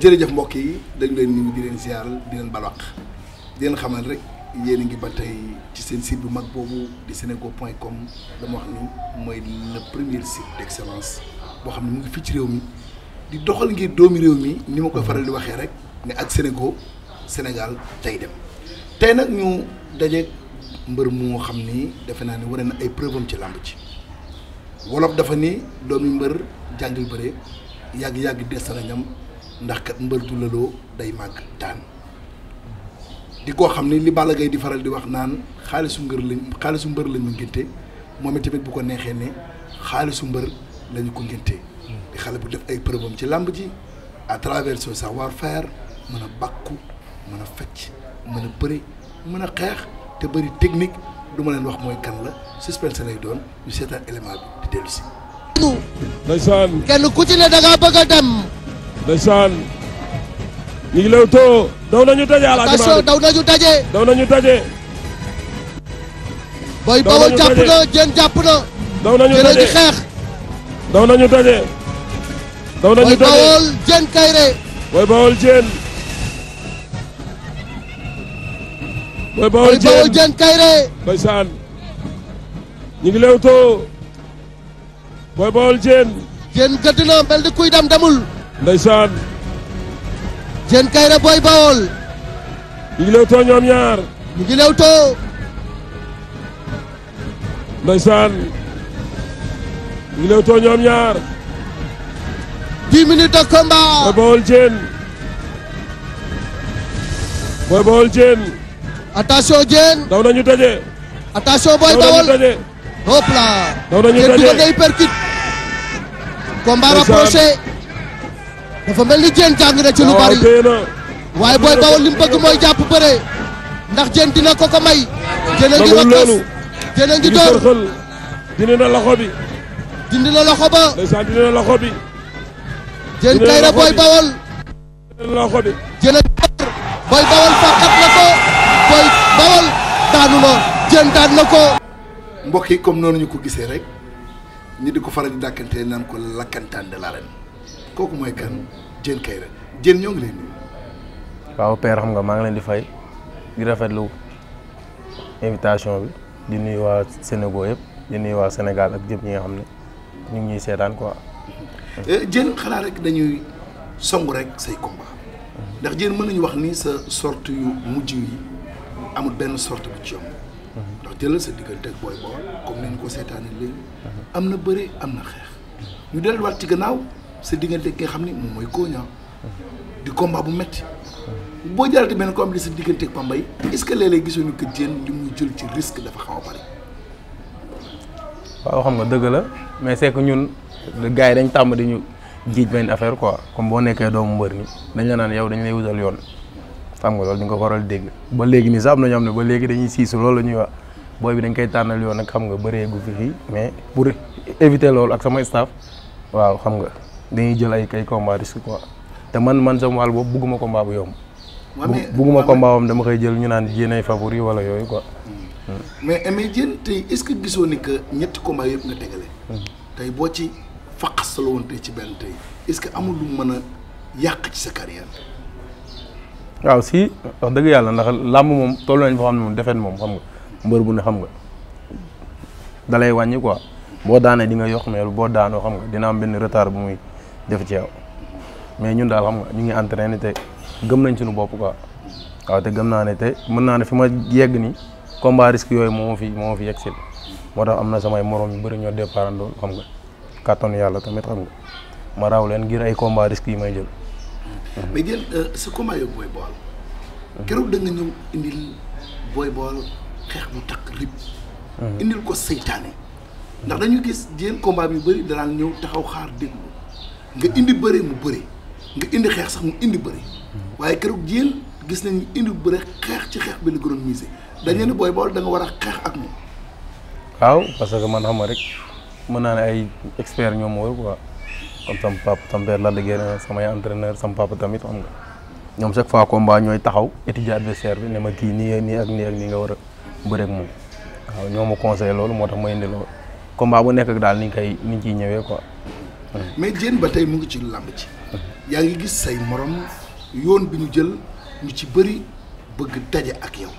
jërëjëf mbokk yi dañ leen nuyu di leen ziar di leen balwaq di leen xamal rek yéen a ngi ba tey ci seen site bu mag boobu di senego point comme dama wax mooy le premier site d' boo xam ne mu ngi fii ci réew mi di doxal ngir doomi réew mi ni ma koy faral di waxee rek ne ak Senego Sénégal tey dem tey nag ñu daje mbër moo xam ni defe naa ne wane na ay preuve am ci làmb ci wolof dafa ni doomi mbër jàngil bëre yàgg-yàgg des ndax kat mbër du laloo day màgg daan di koo xam ni li Balla Gaye di faral di wax naan xaalisu ngër lañ xaalisu mbër lañ ma ngénte moom it tamit bu ko neexee ne xaalisu mbër lañu ko ngénte hmm. xale bu def ay preuve ci làmb ji à travers son savoir-faire mën a bàkku mën a fecc mën a bëri mën a xeex te bëri technique du ma leen wax mooy kan la suspense lay doon ñu seetaan élément bi di dellu ku ci ne da ngaa dem. ndeysaan ñu ngi Leewtoo daw nañu daje alaaji attention daw nañu daje. daw nañu daje. booy bawol jàpp jën jàpp na. daw ngi xeex. daw nañu daje. daje booy bawol jën kayre. booy bawol jën. booy bawol jën kayre. ndeysaan ñu ngi Leewtoo bawol jën. jën gëdd na mel kuy dem ndeysaan Diène Kaïré Boy Baol ñu ngi lewtoo ñoom ñaar ñu ngi lewtoo ndeysaan ñu ngi lewtoo ñoom ñaar dix minutes de combat Boy Baol Diène Boy Baol Diène attention Diène daw nañu daje attention Boy Baol hop là daw nañu daje Diène dugal day percute combat dafa mel ni Diène jàng rek ci lu bari waaye booy bawol li mu bëgg mooy jàpp bëre ndax Diène dina ko ko may. Diène a ngi rakkos Diène a ngi door dindi na loxo bi. dindi na loxo ba. ndeysaan booy bawol. dindi na ko booy bawol daanu na Diène daan na ko. mbokk yi comme noonu ñu ko gisee rek ñu di ko faral di dàkkante naan ko lakkantaan de l'arène. kooku mooy kan Diène Kaïré Diène ñoo ngi leen nuyu. waaw père xam nga maa ngi leen di fay di lu invitation bi di nuyu waa Sénégal yëpp di nuyu ak jëm ñi nga xam ne ñu ngi ñuy seetaan eh, xanaa rek dañuy song rek say combat ndax Diène mën nañu wax ni sa sorte yu mujj yi amul benn sorte bu ci yomb. ndax jëlal sa diggante booy bool comme ni ko seetaanee léegi. am na bëre am na xeex ñu delluwaat ci gannaaw. sa diggante ki xam ni moom mooy Konia di combat bu metti boo jëlaatee benn combat di sa diggante ak Pambay est-ce que léeg-léeg gisuñu que Diène li muy jël ci risque dafa xaw a bari. waaw xam nga dëgg la mais c'est que ñun gars yi dañ tàmm di ñu jiij benn affaire quoi comme boo nekkee doomu mbër ni dañ la naan yow dañ lay wutal yoon xam nga loolu ñu ko waral dégg ba léegi nii sax am na ñoo xam ne ba léegi dañuy siis loolu la ñuy wax booy bi dañ koy tànnal yoon nag xam nga bëree gu fi fii mais pour éviter loolu ak sama staff waaw xam nga. dañuy jël ay kay combat risque quoi te man man sama wàll boobu bugguma combat bu yomb. bugguma ko am dama koy jël ñu naan jéenay favori wala yooyu quoi. Hmm. mais mais Diène tey est-ce que gisoo ni ñetti combat yëpp nga tegale. Hmm. tey boo ci faqas la ci benn tey ce que amul lu mën a yàq ci waaw si wax dëgg yàlla ndax làmb moom toll nañ foo xam ne moom defet moom xam nga mbër bu ne xam nga dalay wàññi quoi boo daanee di nga yokk mais boo daanoo xam nga dina am benn retard bu muy. def ci yow mais ñun daal xam nga ñu ngi entraîné te gëm nañ suñu bopp quoi waaw te gëm naa ne te mën naa ne fi ma yegg ni combat risque yooyu moo fi moo fi yegg si moo tax am na samay morom yu bëri ñoo départandoo xam nga kàttanu yàlla tamit xam nga ma raw leen ngir ay combat risque yi may jël. mais jël sa euh, combat yooyu booy bool. da nga ñëw hmm. indil ko seytaane. ndax dañu gis jeen combat bi bëri taxaw xaar déglu. nga indi bëri mu bëri nga indi xeex sax mu indi bëri waaye keroog jéel gis nañ indi bëri xeex ci xeex bi la gënoon misé dañu ne booy bool da war a xeex ak moom. waaw parce que man xam nga rek mën naa ne ay expert ñoom moo quoi comme sama papa sama père la liggéey samay entraîneur sama tamit ñoom chaque fois combat ñooy taxaw étudier adversaire bi ne ma kii nii nii ak nii ak nii nga war a bëre ak moom waaw ñoo ma conseillé loolu moo tax ma indi loolu combat bu nekk daal ni ñu koy ni ñu ñëwee quoi. mais Diène ba tey mu ngi ci làmb ci yaa ngi gis say morom yoon bi ñu jël ñu ci bëri bëgg daje ak yow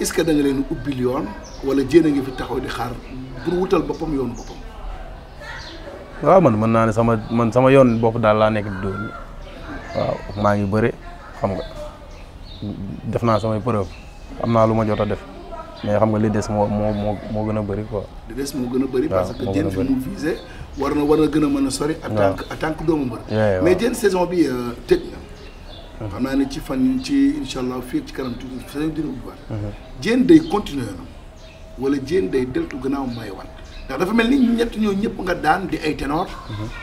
est-ce que da leen ubbil yoon wala Diène a ngi fi taxaw di xaar pour wutal boppam yoon boppam waaw man mën naa ne sama man sama yoon bopp daal laa nekk di doon waaw maa ngi bëre xam nga def naa samay preuve am naa lu ma jot a def mais xam nga li des moo moo moo gën a bëri quoi. li des moo gën a bëri parce que Diène fi mu visé war na war na gën a mën a sori. en tant que en tant que doomu mbër. mais Diène saison bi euh, tëj na. xam naa ne ci fan ci incha allah fii ci kanam tuuti saison dina ubbiwaat. day continuer na wala Diène day deltu gannaaw may wan ndax dafa mel ni ñett ñoo ñëpp nga daan di ay ténor.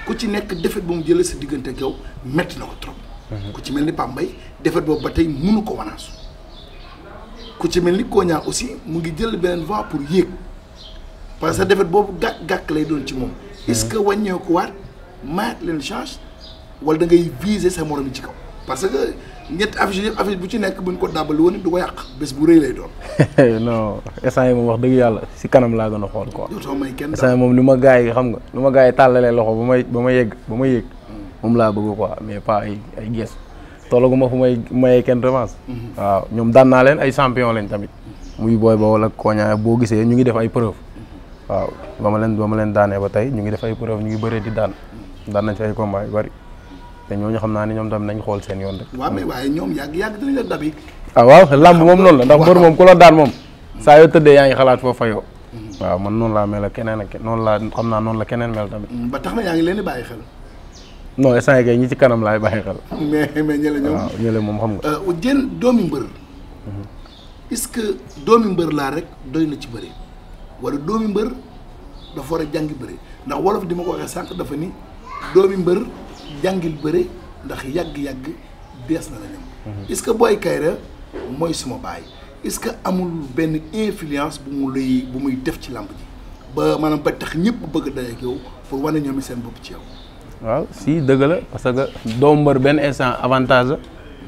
ku ci nekk defet bu mu jëlee sa diggante ak yow métti na ko trop. ku ci mel ni Pambay defet boobu ba tey mënu ko ku ci mel ni Koña aussi mu ngi jël beneen voie pour yéeg parce que defet boobu gàkk-gàkk lay doon ci moom. est que wàññeeku waat mayaat leen chance wala da ngay viser sa moroom yi ci kaw. parce que ñetti affiche yëpp affiche bu ci nekk buñ ko dàbbal woon du ko yàq bés bu rëy lay doon. non instant yi moom wax dëgg yàlla si kanam laa gën a xool ko yow kenn instant moom lu ma gars yi xam nga lu ma gars yi tàllalee loxo ba may ba ma yegg ba ma yegg moom laa bëgg quoi mais pas ay ay gees tollaguma fu may mayee kenn revanche. Mhm. waaw ñoom daan naa leen ay champion lañ tamit. muy booy boobu ak koña boo gisee ñu ngi def ay preuve. waaw ba ma leen ba ma leen daanee ba tey ñu ngi def ay preuve ñu ngi bëree di daan daan nañ ci ay combat yu bari te ñooñu xam naa ne ñoom tamit nañ xool seen yoon rek. waaw mais waaye ñoom yàgg yàgg la dabi. ah moom noonu la ndax mbër moom ku la daan moom mhm. saa yoo tëddee yaa ngi xalaat foofa fayoo mhm. waaw man noonu laa mel ak keneen ak noonu laa xam naa noonu la keneen mel tamit. ba tax na yaa ngi leen bàyyi xel. non instant yii ñu ci kanam laay bàyyi xel. mais mais ñële ñoom waaw ñële moom xam nga. Euh, jën doomi mbër. Mhm. est-ce que doomi mbër laa rek doy na ci bëri wala doomi mbër dafa war a jàngi bëri ndax wolof di ma ko waxee sànq dafa ni doomi mbër jàngil bëri ndax yàgg-yàgg dees na la ñoom. Mhm. ce que Boy Kayra mooy suma baay est-ce que amul benn influence bu mu lay bu muy def ci làmb ji ba maanaam ba tax ñëpp bëgg a dajeeg yow pour wane ñoom seen bopp ci yow. waaw si dëgg la parce que doo mbër benn instant avantage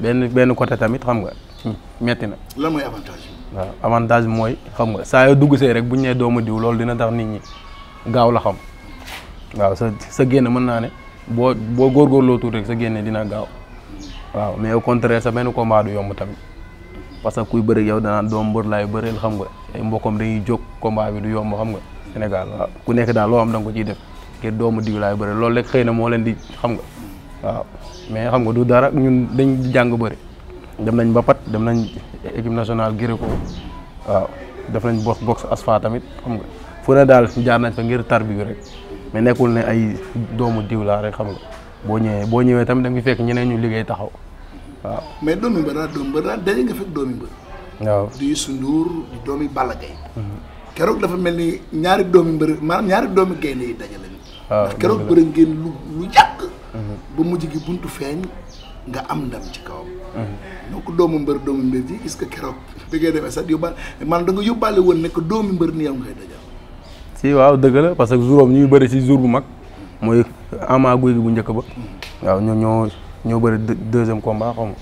benn benn côté tamit xam nga hmm, metti na. lan mooy avantage waaw avantage mooy xam nga saa yoo dugg see rek bu ñu nee doomu diw loolu dina tax nit ñi gaaw la xam waaw sa sa génn mën naa ne boo boo góorgóorloo tuuti rek sa génne dina gaaw mais au contraire sa benn combat du yomb tamit parce que kuy bëri yow danaan doom mbër laay bëreel xam nga ay mbokkam dañuy jóg combat bi du yomb xam nga Sénégal waaw ku nekk daal loo am da nga ngir doomu diw laay bëri loolu rek xëy na moo leen di xam nga waaw mais xam nga du dara ñun dañ di jàng bëri dem nañ mbapat dem nañ équipe nationale Gréco waaw nañ box box asfa tamit xam nga fu ne daal jaar nañ fa ngir tar rek mais nekkul ne ay doomu diw laa rek boo ñëwee boo ñëwee tamit da fekk ñeneen ñu liggéey taxaw waaw. mais doomi mbër daal doomi mbër daal daje nga fekk doomi mhm. dafa mel ni ñaari doomi mbër maanaam ñaari doomi gaynde yi dajale. ndax keroog bëri ngeen lu lu mhm. ba mujj gi buntu feeñ nga am ndam ci kawam. Mhm. donc doomu mbër doomu mbër ji est-ce que keroog bi ngay defee sax yóbbaale maanaam da yóbbaale woon ne que doomu mbër nii yow ngay dajal. si waaw dëgg la parce que jour am ñuy bëri si jour bu mag. mooy ama guy bu njëkk ba. Mhm. waaw ñoo ñoo ñoo bëri deuxième combat xam nga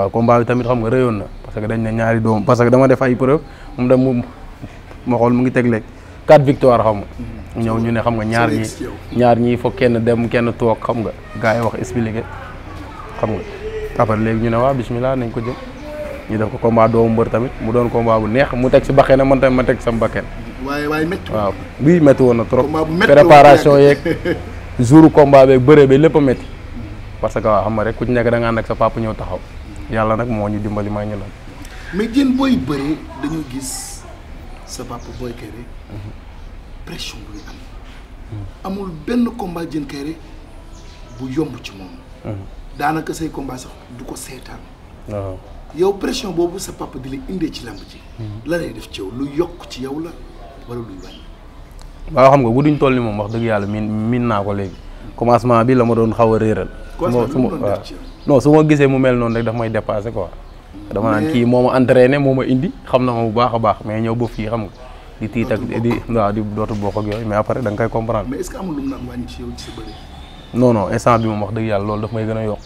waaw combat bi tamit xam nga rëyoon na parce que dañ ne ñaari doom parce que dama def ay preuve moom da mu ma xool mu ngi tegle quatre victoire xam nga. ñëw ñu ne xam nga ñaar ñi ñaar ñi foog kenn dem kenn toog xam nga gars yi wax expliqué xam nga après léegi ñu ne waa bismillah nañ ko jëm ñu def ko combat doomu mbër tamit mu doon combat bu neex mu teg si bakkenam man tamit ma teg sama bakken waaye waaye métti waaw bii métti woon na trop préparation yeeg jour combat beeg bëre bi lépp a métti parce que waaw xam nga rek ku ci nekk da nga ànd sa papa ñëw taxaw yàlla nag moo ñu dimbali may ñu lool mais jën booy bëre amul benn combat Diène bu yomb ci moom daanaka say combat boobu sa papa di la ci hmm. la ci lu yokk ci yow la wala luy waaw xam nga bu duñ toll ni moom wax dëgg yàlla miin miin naa ko léegi commencement bi la ma doon xaw a réeral su ma waaw non su ma gisee mu mel noonu rek daf may dépassé quoi dama naan kii moo ma entraîné moo ma indi xam na ma bu baax a baax mais ñëw ba fii xam nga di tiit ak di waaw di dootu bokk ak yooyu mais après da nga koy comprendre. mais est-ce bi moom wax dëgg yàlla loolu daf may gën a yokk.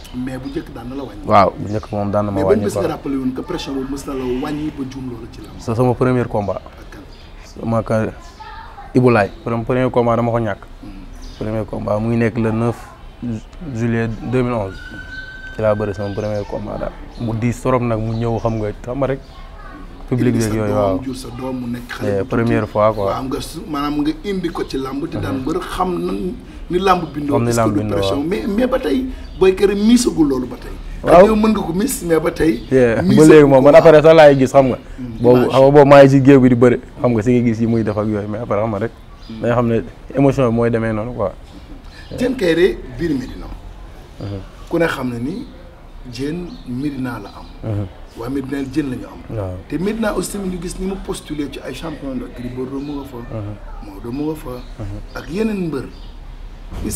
waaw bu njëkk moom daan na ma wàññi. mais ban bés nga rappelé woon que pression ba juum sama premier combat. sama ka Ibulaay. premier combat dama ko ñàkk. Mm. premier combat mu ngi nekk le 9 juillet 2011. Mm. ci laa bëri sama premier combat daal. mu diis trop nag mu ñëw xam nga xam rek public beeg yooyu waaw jur sa doom mu nekk xale eh, première fois quoi waaw nga maanaam nga indi ko ci làmb te daan mbër xam na ni làmb bindoo ni làmb bindoo pression mais mais ba tey booy kër miisagul loolu ba tey waaw mën nga ko mis mais ba tey ba léegi moom man après sax laay gis xam nga mm, boobu xam nga boobu maa ngi si géew bi di bëri xam nga si nga gis yi muy def ak yooyu mais après xam nga rek mm. da xam ne émotion bi mooy demee noonu quoi Diène mm-hmm. Kaïré biir Médina mm-hmm. ku ne xam ne ni Diène Médina la am mm-hmm. waa Medina jën la ñu am. te Medina aussi tamit gis ni mu ci ay champion la mu nga fa. Mhm. Maodo mu mhm. yeneen mbër.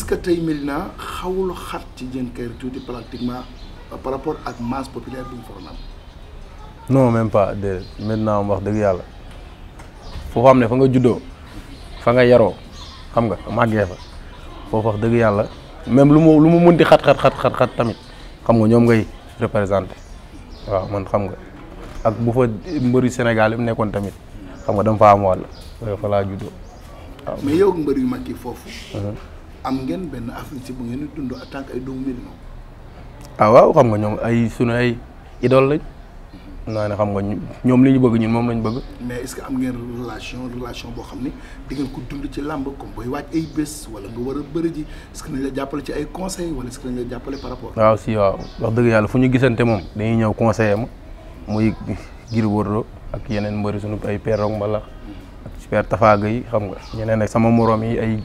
que tey Medina xawul ci jën kër tuuti pratiquement euh, par rapport ak masse populaire bi am. non même pas de Medina wax dëgg yàlla foo xam ne fa nga juddoo fa nga yaroo xam nga màggee fa foofu wax dëgg yàlla même lu mu lu mu mënti xat xat xat tamit xam nga ñoom ngay représenté. waaw man xam nga ak bu fa mbëri Sénégal yi nekkoon tamit xam nga dama fa am wàll fa laa juddoo waaw. mais yow mbër yu mag ki foofu. Mhm. am ngeen benn affinité bu ngeen di dund ay doomu Médina. ah waaw xam nga ñoom ay sunu ay idole lañ. naa ne xam nga ñoom li ñu bëgg ñu moom lañu bëgg. mais est-ce que am ngeen relation relation boo xam ne di ngeen ko dund ci làmb comme booy waaj ay bés wala nga war a bëri ji est-ce que nañ la jàppale ci ay conseils wala est-ce que nañ la jàppale par rapport. waaw si waaw wax dëgg yàlla fu ñu gisante moom dañuy ñëw conseiller ma muy Gris Bordeaux ak yeneen mbëri suñu ay père Rock Mbalax ak père Tafa Gueye xam nga ñeneen ak sama morom yi ay.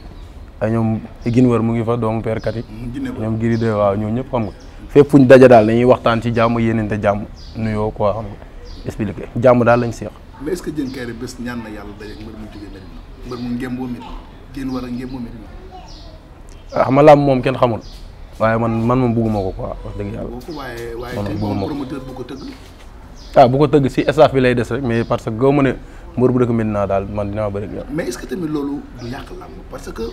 ay ñoom gin wër mu ngi fa doomu peerkat yi mm, ñoom giri de waaw ñoo ñëpp xam nga fépp fu ñu daal dañuy waxtaan ci jàmm yéenente jàmm nuyoo quoi xam nga expliqué lañ seex mais est-ce que Diène Kairé bés ñaan na yàlla daje mbër a ngémboo Medina ah xam nga moom kenn xamul waaye man man moom bugguma ko quoi wax dëgg yàlla man bugguma ko promoteur bu ko tëgg ah bu ko si staff bi lay des rek mais parce que goo ma ne mbër bu dëkk Medina daal man dinaa bëri mais est yàq parce que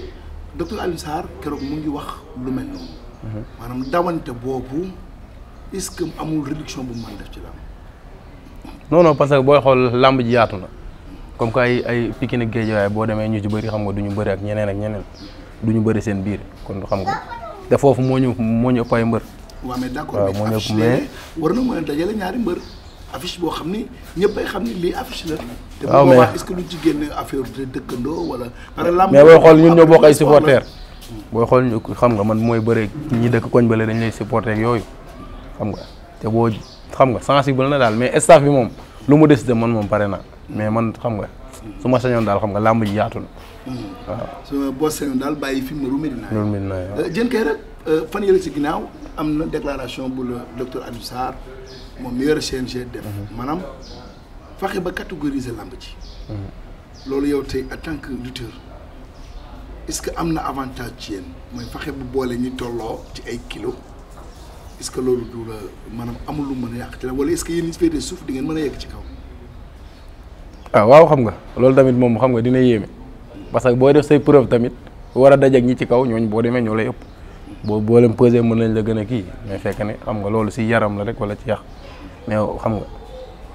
docteur Alioune Sarr keroog mu ngi wax lu mel noonu. maanaam dawante boobu est-ce que amul réduction bu mu mën def ci làmb. non non parce que booy xool làmb ji yaatu na comme que ay ay Pikine ak boo demee ñu ji bëri xam nga du ñu bëri ak ñeneen ak ñeneen du ñu bëri seen biir kon xam nga te foofu moo ñu moo ñu ëpp ay mbër. waaw mais d'accord mais war na mën a dajale ñaari mbër. affiche boo xam ni ñëppay xam ni lii affiche la. te bu boobaa est mais booy xool ñun ñoo bokk ay supporters. boo xool ñu xam nga man mooy bëre ñi dëkk koñ bële dañ lay supporter ak yooyu xam nga te boo xam nga sensible na daal mais staff bi moom lu mu des de man moom pare na mais man xam nga. su ma sañoon daal xam nga làmb ji yaatul. Hmm. waaw boo sañoon daal bàyyi fi mu Nourou Medina. Nourou Medina waaw jën kay rek fan yële si ginnaaw am na déclaration bu la docteur Abdou moom mi yore CNG def. Hmm. maanaam fexe ba catégoriser làmb ji. Hmm. loolu yow tey en tant que lutteur est-ce que am na avantage ci yéen mooy fexe bu boole ñu tolloo ci ay kilos. est-ce que loolu du la maanaam amul lu mën a yàq ci la wala est-ce que yéen ñi féetee suuf di mën a yegg ci kaw. ah waaw xam nga loolu tamit moom xam nga dina yéeme parce que booy def say preuve tamit war a dajeeg ñi ci kaw ñooñ boo demee ñoo lay ëpp boo boo leen pesé mën nañ la gën a kii mais fekk ne xam nga loolu si yaram la rek wala ci yàq mais xam nga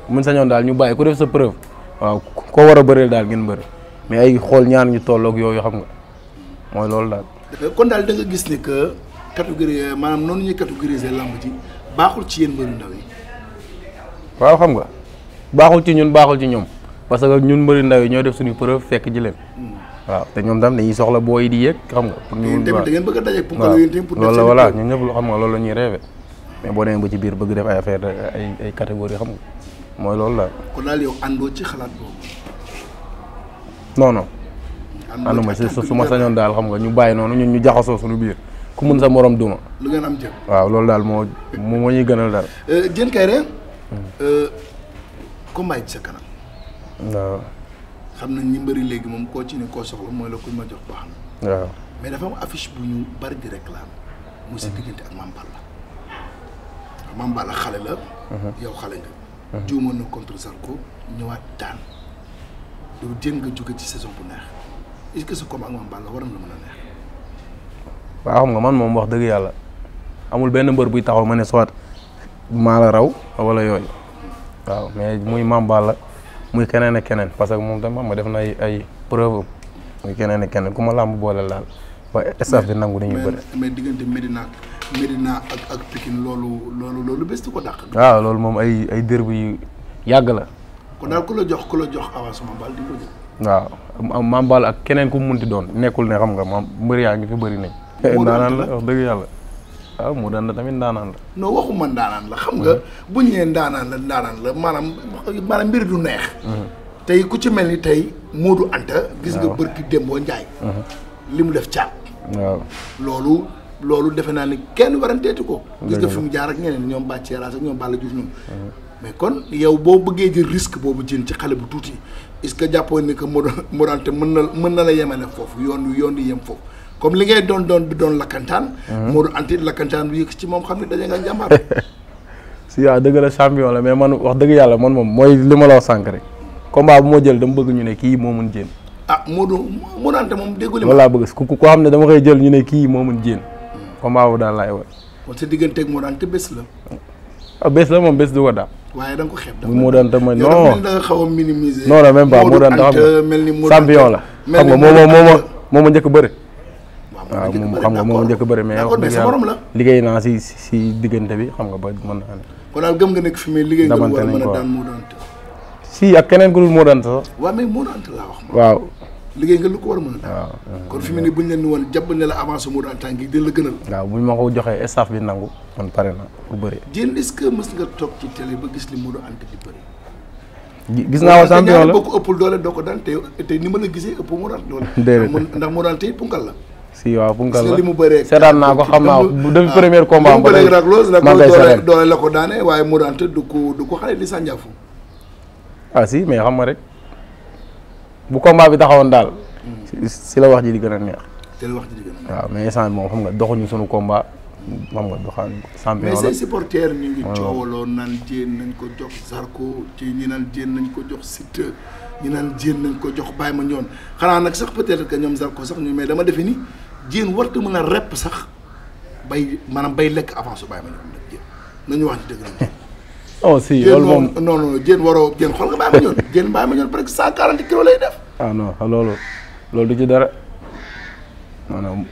mun sañoon daal ñu bàyyi ku def sa preuve waaw war a bëreel daal ngeen bëri mais ay xool ñaar ñu tolloog yooyu xam nga mooy loolu daal. kon daal da gis ni que catégorie maanaam noonu ñuy catégoriser lamb ci baaxul ci yéen mbëru ndaw yi. waaw xam nga baaxul ci ñun baaxul ci ñoom. parce que ñun mbëri ndaw yi ñoo def suñu preuve fekk ji leen. Hmm. waaw te ñoom tam dañuy soxla booy yi di yéeg xam nga. pour ñu da ngeen bëgg a daje pour loolu la voilà ñun ñëpp lu xam nga loolu la ñuy rêvé mais boo demee ba ci biir bëgg def ay affaire xam nga mooy loolu la. kon daal yow àndoo ci xalaat boobu. non non. su ma sañoon daal xam nga ñu bàyyi noonu ñun ñu jaxasoo suñu biir ku mun sa morom duma. lu ngeen am jëm. waaw loolu daal moo moo ñuy gënal daal. Euh, Diène Kaïré. Hmm. Euh, combat waaw xam nañ ñi mbëri léegi moom koo ci ne koo soxla mooy la kuñ ma jox baax na. waaw mais dafa am affiche bu mhm. xale la. Mhm. yow xale nga. Mhm. juumoon na contre Zarko ñëwaat daan. ci saison bu neex est-ce que sa a neex. waaw xam nga man moom wax dëgg yàlla amul benn mbër buy taxaw ma ne soit maa la raw wala yooyu waaw mais muy Mame Balla. muy keneen ak keneen parce que moom tam ma def na ay ay preuve muy keneen ak keneen ku ma làmb boole laal ba staff bi nangu dañuy bëri. mais diggante Medina Medina ak ak Pikine loolu loolu loolu bés di ah, loolu moom ay ay dër bu yàgg la. kon daal ku la jox ku la jox avancement baal di ko jël. baal ak keneen ku mu munti doon nekkul ne xam nga maam mbër yaa ngi fi bëri nañ. daanaan la wax dëgg yàlla. waaw ah, mu daan la tamit ndaanaan la. non waxuma ndaanaan la xam nga bu ñu nee ndaanaan la ndaanaan la maanaam maanaam mbir du neex. tey ku ci mel ni tey Modou Anta. gis nga bërki Dembo Ndiaye. Mhm. li mu def caat. waaw loolu. loolu defe naa ni kenn waranteeti ko. gis nga fi mu jaar ak ñeneen ñoom Bathie Yaraas ak ñoom Balla Diouf ñoom. Mhm. mais kon yow boo bëggee jël risque boobu jël ci xale bu tuuti est-ce que jàppoon ni que Modou Anta mën na mën na la yemale foofu yoon yoon di yem foofu. comme li ngay doon doon bi doon lakkantaan. Mhm. Modou Anta lakkantaan bi yëg xam ne daje nga jàmbaar. si waaw dëgg la champion la mais wax dëgg yàlla man moom mooy li la wax sànq rek combat bu jël dama bëgg ñu ne kii moo mën jéem. ah Modou Modou Anta moom déggu li ma. laa bëgg ku ko xam ne dama koy jël ñu ne kii moo mën jéem. combat bu daal laay war. kon sa digganteeg Modou Anta bés la. ah bés la moom bés du ko daal. waaye da ko xeeb. Modou Anta mooy non yow da nga xaw a minimiser. non non même pas Modou Anta xam nga champion la. xam nga moo moo moo ma njëkk bëri waaw moom xam nga moom njëkk bëri mais wax liggéey naa si si diggante bi xam nga ba mën naa ne kon daal gëm nga nekk fi liggéey nga lu war a mën a daan moo doonte si ak keneen ku dul moo doonte sax waaw liggéey nga lu ko war a mën a daan kon fi mu ne buñu leen ni woon jàppal ne la avancé moo doonte ngi di la gënal waaw buñ ma ko joxee staff bi nangu man pare na pour bëri jén est-ce toog ci télé ba gis gis naa wa champion la boo ko ëppul doole doo ko daan te te ni ma la gisee ëpp moo daan doole ndax moo daan te punkal la si waaw punkal la li mu bëree seetaan naa ko xam naa ko depuis premier ah, combat am ba léegi nag loolu la ko daane waaye mu daante du du ko xale di sànjaafu ah si mais xam nga rek bu combat bi taxawoon daal mm. si la wax ji di gën a neex te wax ji di gën a neex waaw mais instant moom xam nga doxuñu sunu combat xam nga doxaan champion mais say supporters ñu ngi coowaloo naan jéen nañ ko jox Zarko ci ñu naan jéen nañ ko jox Siteu ñu naan jéen nañ ko jox Baye Mandione xanaa nag sax peut-être que ñoom Zarko sax ñu mais dama defe ni jéen warta mën a repp sax bay maanaam bay lekk avance su bàyyi ma ñoom nag jéen nañu wax ci dëgg la oh si loolu moom non non jéen waroo jéen xool nga bàyyi ma ñoon jéen bàyyi ma ñoon presque cent quarante kilos lay def ah non ah, loolu du ci dara maanaam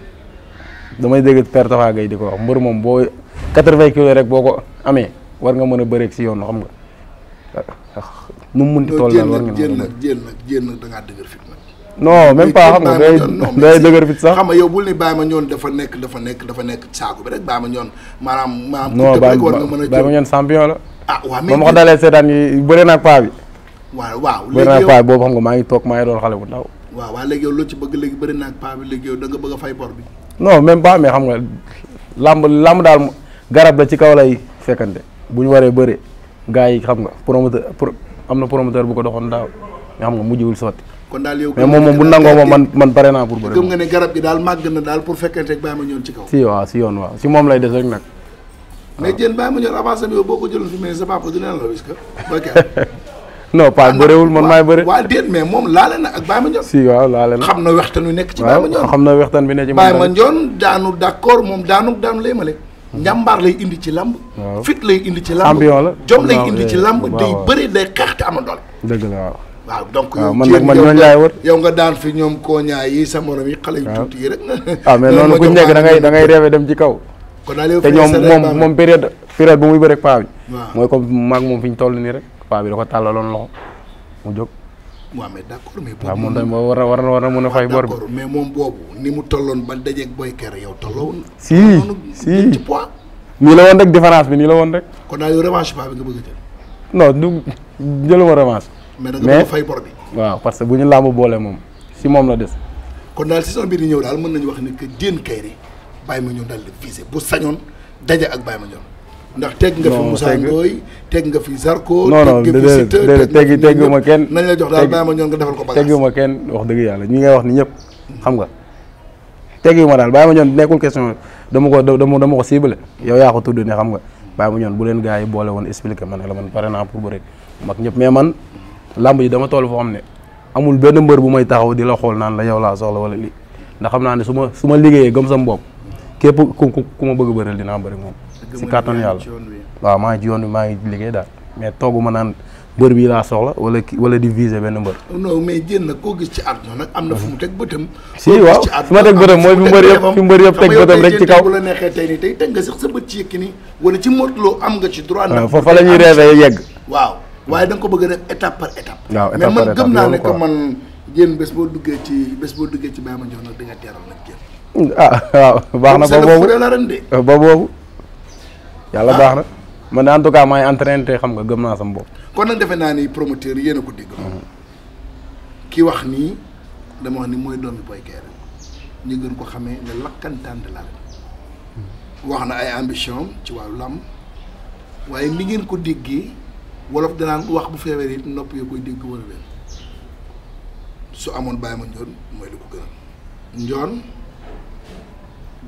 damay dégg père Tafa Gueye di ko wax moom boo quatre-vingts rek boo ko amee war nga mën a bëreeg si yoon xam nga ah, ah, nu mu munti toll war nga jéen nag jéen nag jéen nag da ngaa dëgër fit non même pas xam nga day day dëgër fit sax xam nga yow bul ni bàyyi ma ñoon dafa nekk dafa nekk dafa nekk saako bi rek bàyyi ma ñoon maanaam maanaam non bàyyi ma ñoon champion la ah waaw mais ma ko dalee seetaan yi bëri naag paa bi waaw waaw xam nga maa ngi toog maa ngi doon xale bu ndaw waaw waaw léegi yow loo ci bëgg léegi bëri naag paa bi léegi yow da nga bëgg a fay bor bi non même pas mais xam daal garab la ci kaw lay fekkante bu ñu waree bëri gaa yi xam nga promoteur am na promoteur bu ko doxoon daaw mais xam nga mujjiwul sotti kon daal yow. mais moom moom bu nangoo ma man man pare naa pour. bëri gëm nga ne garab gi daal màgg na daal pour fekkente ak bàyyi ma ñoon ci kaw. si waaw si yoon waaw si moom lay des rek nag. mais jën bàyyi ma ñoon avancé bi yow boo la wis ka non pas bëriwul na ak Baye Mandione si waaw laale na xam na wextaan nekk ci Baye Mandione xam na wextaan bi nekk ci daanu d'accord moom daanu daanu lay male hmm. njàmbaar lay indi ci lamb fit lay indi ci lamb ambion la jom lay indi ci eh, lamb day bëri day xeex te am na doole dëgg la waaw waaw donc man nag man ñooñu laay wër yow nga daan fi ñoom kooñaay yi sa morom yi xale yu tuuti yi rek waaw ah, mais noonu ku da ngay da ngay rêvé kaw te ñoom moom moom période période bu muy bëre paa bi mooy comme ñu toll nii rek bi da ko tàllaloon loxo mu jóg waaw mais d'accord mais waaw moom war a war a war a mën a fay bor bi mais moom boobu ni mu tolloon ba dajeeg boykere yow tolloon si si ci poids la woon rek bi nii la woon rek kon daal yow revanche paa bi nga bëgg a jël jëluma revanche mais da nga fay bor bi. waaw parce que bu ñu làmb boole moom si moom la des. kon daal si sama biir di ñëw daal mën nañu wax ni que Diène Kaïré Baye Mandione daal di visé bu sañoon daje ak Baye Mandione. ndax teg nga fi Moussa Ndoye teg nga fi Zarko. non non déedéet déedéet teggi teggi ma kenn. nañ la jox daal Baye Mandione nga defal ko bagage teggi ma kenn wax dëgg yàlla ñi ngay wax ni ñëpp xam nga. teggi ma daal Baye Mandione nekkul question dama ko dama dama ko ciblé yow yaa ko tudd ne xam nga Baye ñoon bu leen gars yi boole woon expliqué man la man pare naa pour bëre mag ñëpp mais làmb ji dama toll foo xam ne amul benn mbër bu may taxaw di la xool naan la yow laa soxla wala lii ndax xam naa ne su ma su ma liggéeyee gëm sa bopp képp ku ku ma bëgg a bëreel dinaa moom si kàttan yàlla waaw maa ngi ci yoon maa ngi liggéey daal mais toogu ma naan mbër bi laa soxla wala wala di viser benn mbër. non mais jéem koo ci àdduna am na fu mu teg bëtam. si waaw fi ma teg bëtam mooy fi mbër yëpp fi mbër yëpp teg bëtam rek ci kaw. bu la neexee tey nii tey teg nga sax sa bët ci yëkki nii wala ci motuloo am nga ci droit. ndax fa la ñuy rêvé yegg waaw waaye danga ko bëgg a def étape par étape. waaw étape par étape mais man gëm naa ne ko man yéen bés boo duggee ci bés boo duggee ci Baye Mandione nag di nga teeral nag yéen. ah waaw baax na ba boobu euh, ba boobu. yàlla ah. baax na man en tout cas maay te xam nga gëm naa sama bopp. kon nag defe naa ni promoteur yéen a ko dégg. Mm-hmm. ki wax nii dama wax ni mooy doomi Boy Kéré ñu gën ko xamee ne lakkantaan de la mm-hmm. wax na ay ambition ci wàllu lamb waaye ni ngeen ko déggee. wolof danaan wax bu feebar it nopp yoo koy dégg wër su amoon bàyyi ma njoon mooy li ko gënal njoon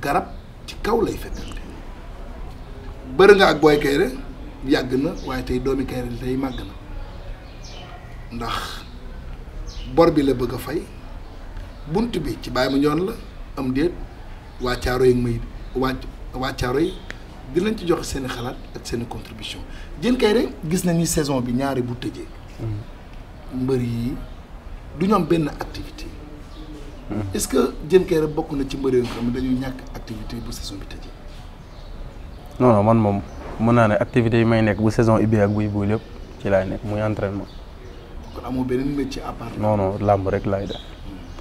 garab ci kaw lay fekkante bëri nga ak booy kayre yàgg na waaye tey doomi kayre tey màgg na ndax bor bi la bëgg a fay bunt bi ci bàyyi ma njoon la am déet waa caaro yi may waa caaro yi dinañ ci joxe seen i xalaat ak seen i contribution Diène Kaïré gis nañu saison bi ñaari bu tëjee mbër yi du ñu benn activité hmm. est-ce que Diène Kaïré bokk na ci mbër yoo xam ne dañuy ñàkk activité bu saison bi tëjee non man moom mën naa ne activité yi may nekk bu saison ubbee ak buy buy lépp ci laay nekk muy entraînement kon amoo beneen métier à part non làmb rek laay def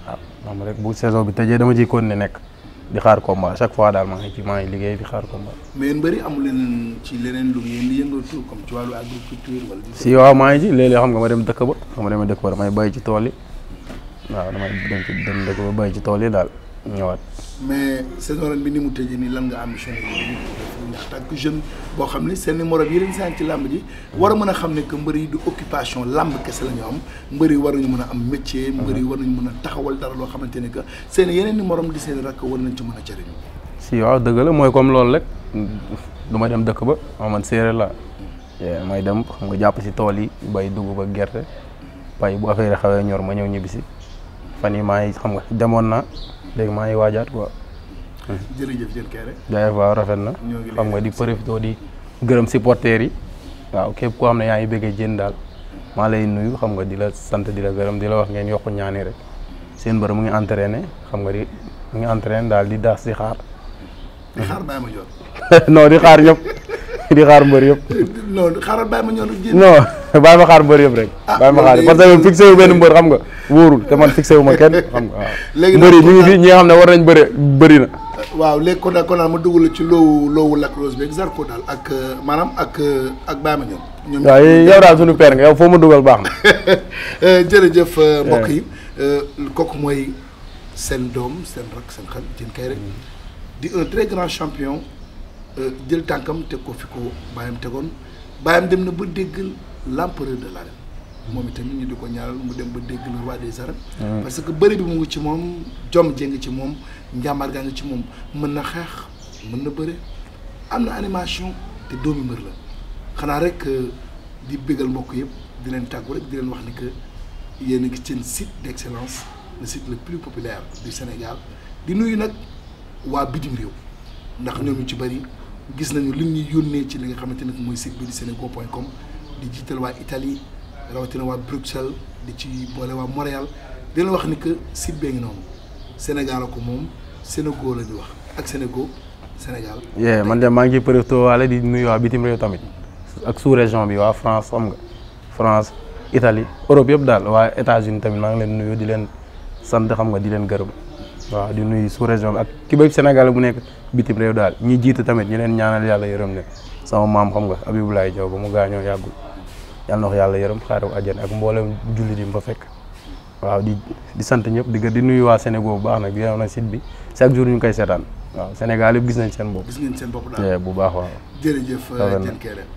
waaw hmm. ah, làmb rek bu saison bi tëjee dama ciy continuer nekk di xaar combat chaque fois daal maa ngi ci maa ngi liggéey di xaar combat. mais yéen bëri amu leen ci leneen lu ngeen di yëngatu comme ci wàllu agriculture si waaw maa ngi ci léeg-léeg xam nga ma dem dëkk ba xam nga ma dem dëkk ba damay bàyyi ci tool yi waaw damay dem dem dëkk ba bàyyi ci tool yi daal. ñëwaat mais saison ren bi ni mu tëjee nii lan nga ambition yi ndax boo xam ne seen morom yi leen saan ci làmb ji war a mën a xam ne que mbër yi du occupation làmb kese la ñu am mbër yi war nañu mën a am métier mbër yi war nañu mën a taxawal dara loo xamante ne que yeneen ni di seen rakk war nañ ci mën a jëriñu si waaw dëgg mooy comme loolu rek du ma dem dëkk ba ma man la hmm. may dem xam nga jàpp si tool yi bay dugub ak gerte pay bu affaire xawee ñor ma ñëw ñibbisi fan yi maa xam nga demoon na léegi maa ngi waajaat quoi. jërëjëf jërëjëf Kéré. jaajëf waaw rafet na. xam nga di profité di gërëm supporters yi. waaw képp ko xam ne yaa ngi bëggee jën daal maa lay nuyu xam nga di la sant di la gërëm di la wax ngeen yokk ñaani rek seen mbër mu ngi entraîné xam nga di mu ngi entraîné daal di daas di xaar. di di xaar ñëpp. di xaar mbër yëpp. non xaaral bàyyi ma ñëw nag. non bàyyi ma xaar mbër yëpp rek. Ah, bàyyi ma xaar parce que fixé wu benn mbër xam nga wóorul te man fixé wu ma kenn xam nga waaw. léegi mbër yi ñu ngi fi ñi xam ne war nañ bëri bëri na. waaw léegi ko daal ko daal ma dugg la ci loowu loowu Lac Rose beeg Zarko daal ak euh, maanaam ak euh, ak bàyyi ma ñëw. ñoom waaw yow daal suñu père nga yow foo ma dugal baax na. Euh, jërëjëf eh. mbokk yi kooku mooy seen doom seen rak seen xel Diène Kaïré mm. di jël tànkam teg ko fi ko bàyyam tegoon bàyyam dem na ba déggal l'empereur de l'arène moom itamit ñu di ko ñaaral mu dem ba dégg le roi des arènes ah. parce que bëri bi mu ngi ci moom jom ngi ci moom njàmbaar gaa ngi ci moom mën na xeex mën na bëre am na animation te doomi mbër la xanaa rek euh, di bégal mbokk yëpp di leen tàggu rek di leen wax ni que yéen a ngi seen site d'excellence le site le plus populaire du Sénégal di nuyu nag waa bitim réew ndax ñoom ñu ci bëri gis nañu li ñuy yónnee ci li nga xamante ne mooy site bi di senego point com di jiital waa Italie rawatina waa Bruxelles di ci boole waa Montréal di la wax ni que site bee ngi noonu Sénégal ko moom Sénégo la ñu wax ak Sénégo Sénégal. yee man de maa ngi ciy profité waale di nuyu waa bitim réew tamit ak sous région bi waa France xam nga France Italie Europe yëpp daal waa États-Unis tamit maa ngi leen nuyu di leen sant xam nga di leen gërëm. waaw di nuyu sous région bi ak ki bépp Sénégal bu nekk bitim réew daal ñi jiita tamit ñu leen ñaanal yàlla yërëm ne sama maam xam nga Abibulaay Jaw ba mu gaañoo yàggul yàlla na ko yàlla yërëm xaaral àjjana ak mboolem jullit yi mu fa fekk waaw di di sant ñëpp di di nuyu waa Sénégal bu baax nag yéen na site bi chaque jour ñu koy seetaan waaw Sénégal yëpp gis nañ seen bopp. gis seen bopp bu baax waaw. jërëjëf Diène Kairé